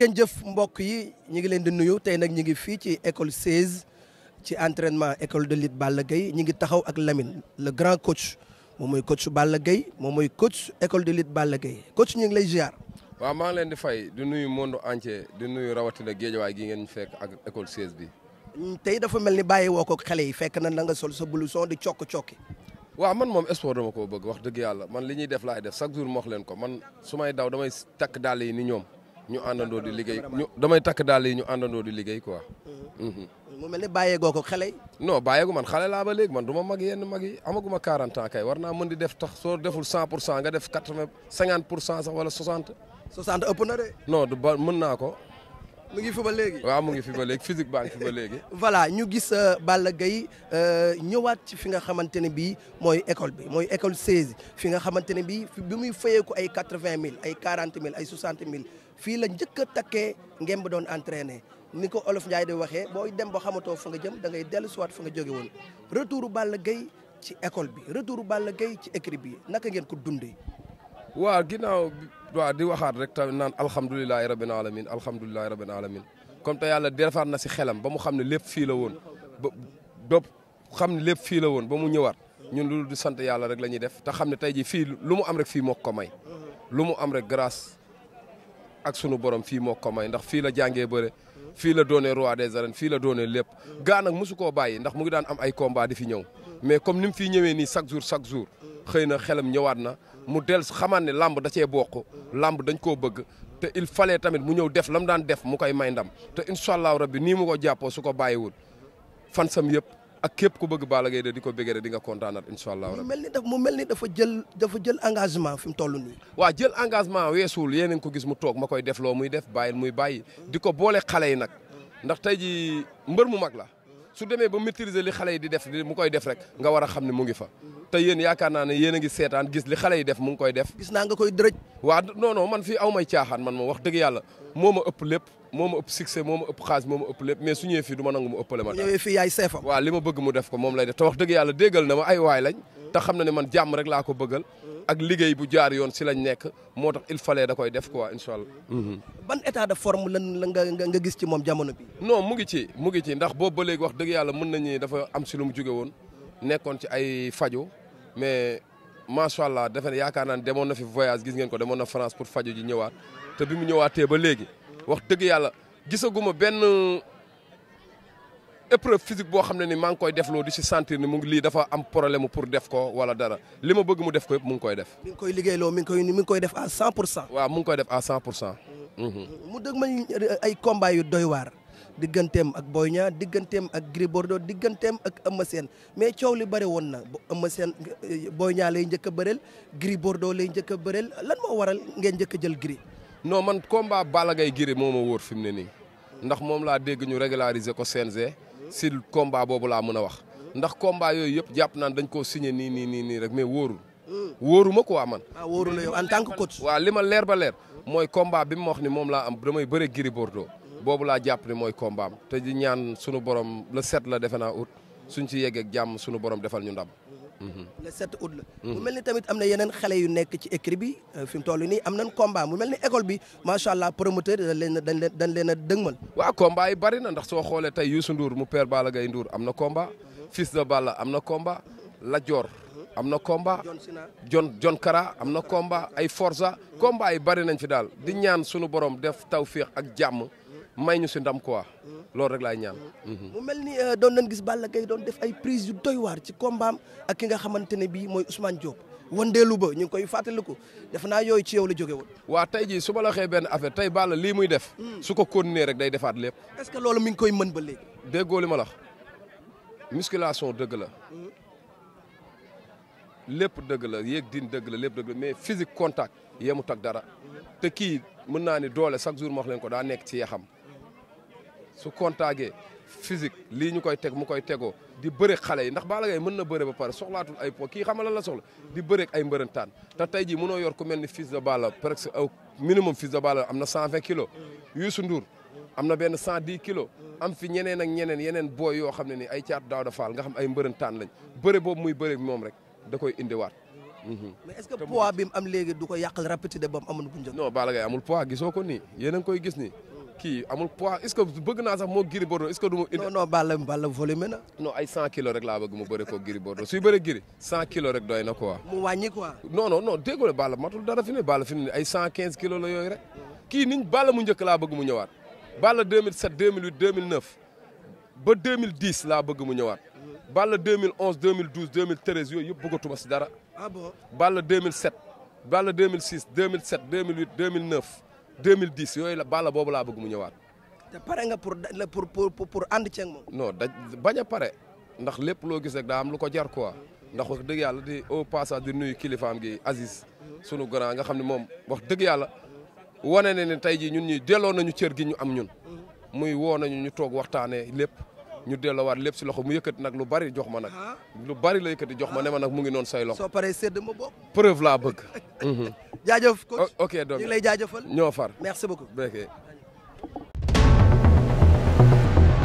ngeen jëf mbokk yi ñu ngi leen di nuyu tey nag ñu ngi fii ci école 16 ci entraînement école de lutte Balla Gaye ñu ngi taxaw ak Lamine le grand coach moom mooy coach Balla Gaye moom mooy coach école de lutte Balla Gaye coach ñu ngi lay ziar. waa maa ngi leen di fay di nuyu monde entier di nuyu rawatina géej géejawaay gi ngeen fekk ak école 16 bi. tey dafa mel ni bàyyi woo ko xale yi fekk na na nga sol sa blouson di cokk-cokki. waa man moom sport dama ko bëgg wax dëgg yàlla man li ñuy def laay def chaque jour ma leen ko man su may daw damay takk dàll yi ni ñoom. ñu àndandoo di liggéey ñu damay takk daal yi ñu àndandoo di liggéey quoi. Mm-hmm. Mm-hmm. mu mel ne bàyyeegoo ko xale no non bàyyeegu man xale laa ba léegi man du ma mag yenn mag yi amaguma 40 ans kay war naa mën di def tax soo deful cent pour cent nga def 80 50 pour cent sax wala 60. 60 ëpp na de. non du mën naa ko. mu ngi fi ba léegi waaw mu ngi fi ba léegi physique baa ngi fi ba léegi. voilà ñu gis euh, Balla Gaye euh, ñëwaat ci fi nga xamante ne bii mooy école bi mooy école 16 fi nga xamante ne bii bi muy fayeeku ay 80 000 ay 40 000 ay 60 000. fii la njëkk a takkee ngemb doon entraîné ni ko olof Ndiaye di waxee boo dem ba xamatoo fa nga jëm da ngay dellu siwaat fa nga jóge woon retouru Balla Gaye ci école bi retouru Balla Gaye ci écrit bi naka ngeen ko dundee. waaw ginnaaw waaw di waxaat rek tamit naan alhamdulilahi rabbil alamin alhamdulilahi rabbil alamin comme te yàlla defaat na si xelam ba mu xam ne lépp fii la woon ba dopp xam ne lépp fii la woon ba mu ñëwaat ñun loolu di sant yàlla rek la ñuy def te xam ne tey jii fii lu mu am rek fii moo ko may lu mu am ak sunu borom fii moo ko may ndax fii la jàngee bëre fii la doonee roi des arènes fii la doonee lépp gaa nag mosu koo bàyyi ndax mu ngi daan am ay combat di fi ñëw mais comme nim mu fiy ñëwee nii chaque jour chaque jour xëy na xelam ñëwaat na mu del xamaan ne làmb da cee bokk làmb dañ koo bëgg te il fallait tamit mu ñëw def la mu daan def mu koy may ndam te incha allahu rabbi nii mu ko jàppoo suko ko wul fan sam yëpp ak képp ku bëgg Balla Gaye de di ko bëggee de di nga kontaanaat incha allah. mu mel ni dafa mu dafa jël dafa jël engagement fi mu toll nii. waa jël engagement weesuwul yéen a ngi ko gis mu toog ma koy def loo muy def bàyyil muy bàyyi di ko boole xale yi nag ndax tey ji mbër mu mag la su demee ba maîtriser li xale yi di def mu koy def rek nga war a xam ne mu ngi fa. te yéen yaakaar naa ne yéen a ngi seetaan gis li xale yi def mu ngi koy def. gis naa nga koy dërëj. waa non man fii aw may caaxaan man moom wax dëgg yàlla moo ma ëpp lépp moom ma ëpp succès moo ma ëpp xaalis moo ma ëpp lépp mais su ñëwee fii du ma nangu mu ëppale ma dara fii yaay seefam waaw li ma bëgg mu def ko moom lay def te wax dëgg yàlla déggal na ma ay waay lañ te xam ne man jàmm rek laa ko bëggal ak liggéey bu jaar yoon si lañ nekk moo tax il fallait da koy def ko insha allah mhm. ban état de forme lan la nga nga gis ci moom jamono bi non mu ngi mu ngi ci ndax boobu ba léegi wax dëgg yàlla mën nañu dafa am si lu mu jóge woon nekkoon ci ay fajo mais macha allah defe naa yaakaar naa ne demoon na fi voyage gis ngeen ko demoon na France pour faju ñëwaat te bi mu ñëwaatee ba léegi wax dëgg yàlla gisaguma benn épreuve physique boo xam ne ni maa ngi koy defloo di si sentir ni mu lii dafa am problème pour def ko wala dara li ma bëgg mu def ko yëpp mu ngi koy def. mi ngi koy liggéeyloo mi ngi koy mi ngi koy def à 100 pour cent. waaw mu ngi koy def à 100 pour cent. Mhm. mu dëgg ma ay combat yu doy waar. digganteem ak booy Niang digganteem ak Gris Bordeaux digganteem ak Eumeu Sène mais coow li bëri woon na Eumeu Sène eh, Boy Niang lay njëkk a bëreel Gris Bordeaux lay njëkk a bëreel lan moo waral ngeen njëkk jël Gris. non man combat Balla Gaye Gris moo ma wóor fi mu ne nii ndax moom laa dégg ñu régulariser ko CNG si combat boobu laa mën a wax ndax combat yooyu yëpp jàpp naan dañ ko signé nii nii nii nii rek mais wóorul. Hmm. wóoru ma quoi man. ah wóoru la yow en tant que coach. waaw li ma leer ba leer mooy combat bi mu wax ni moom laa am damay bëre Gris Bordeaux boobu la jàpp ne mooy kombaam te di ñaan sunu borom le sept la defe naa août suñ ci yeggee jàmm sunu borom defal ñu ndam. Mhm. le 7 août la. Mhm. mu mel ni tamit am na yeneen xale yu nekk ci écrit bi euh, fi mu toll nii am nañ combat mu mel ni école bi macha allah promoteur dañ leen a dañ leen dañ leen a dëgmal. waaw combat yi bari na ndax soo xoolee tey Youssou Ndour mu père Balla Gaye Ndour am na combat. Mhm. Fils de Balla am na combat. Lat Dior am na komba John John Kara am na combat ay Forza. combat yi bari fi daal di ñaan sunu borom def tawféex ak jàmm. may ñu si ndam quoi. loolu rek laay ñaan. mu mel ni euh, doon nañ gis la Gaye doon def ay prise yu doy waar ci combat am ak ki nga xamante ne bii mooy Ousmane Diop. wandeelu ba ñu ngi koy fàttaliku def naa yooyu ci yow la joge woon. waa tey jii su ma la waxee benn affaire tey Balla lii muy def. Hmm. su ko continuer rek day defaat lépp. est-ce que loolu mi ngi koy mën ba léegi. ma la wax dëgg la. Hmm. lépp dëgg la yéeg din dëgg la lépp dëgg la mais physique contact mu ak dara hmm. te kii mën naa ni doole chaque jour ma wax ko daa nekk ci yaxam su kontaagee physique lii ñu koy teg mu koy tegoo di bëre xale yi ndax Balla Gaye mën na bëre ba pare soxlaatul ay poids kii xamala la soxla di bëre ak ay mbërëntaan te tey jii mënoo yor ku mel ni Fils de Balla presque au minimum Fils de Balla am na 120 kilo Youssou Ndour am na benn 110 kilo am fi ñeneen ak ñeneen yeneen booy yoo xam ne ni ay caatu daaw da faal nga xam ay mbërëntaan lañ bëre boobu muy bëre moom rek da koy indiwaat mhm. mais est-ce bi am léegi du ko yàqal rapidité ba mu amoon bu njëkk non Balla ko nii yéen a ngi gis nii kii amul poids est-ce que bëgg moo Gris Bordeaux est-ce que du ma. non non Balla na. non ay 100 kilos rek laa bëgg mu bëre ko Gris Bordeaux suy bëre Gris 100 kilos rek doy na quoi. mu wàññi quoi. non non non déggoo la Balla matul dara fi ne Balla fi ne ay 115 kilos la yooyu rek. kii niñ Balla mu njëkk laa bëgg mu ñëwaat. Balla 2007 2008 2009 ba 2010 laa bëgg mu ñëwaat. Balla 2011 2012 2013 yooyu yëpp bëggatuma si dara. ah bon Balla 2007. Balla 2006 2007 2008 2009. 2010 yooyu la Balla boobu laa bëgg mu ñëwaat. te pare nga pour pour pour pour ànd ceeg moom. non bañ a pare ndax lépp loo gis daa am lu ko jar quoi ndax wax dëgg yàlla di au passage di nuyu kilifaam gi Aziz sunu grand nga xam ne moom wax dëgg yàlla wane na ne tey jii ñun ñuy delloo nañu cër gi ñu am ñun. muy woo nañu ñu toog waxtaanee lépp ñu delloowaat lépp si loxo mu yëkkati nag lu bari jox ma nag. Ah. lu bari la yëkkati jox ma ne ma nag mu ngi noon say loxo. soo pare sedd ma bokk. preuve laa bëgg. Mhm. jaajëf coach ok donc ñu ngi lay jaajëfal ñoo far merci beaucoup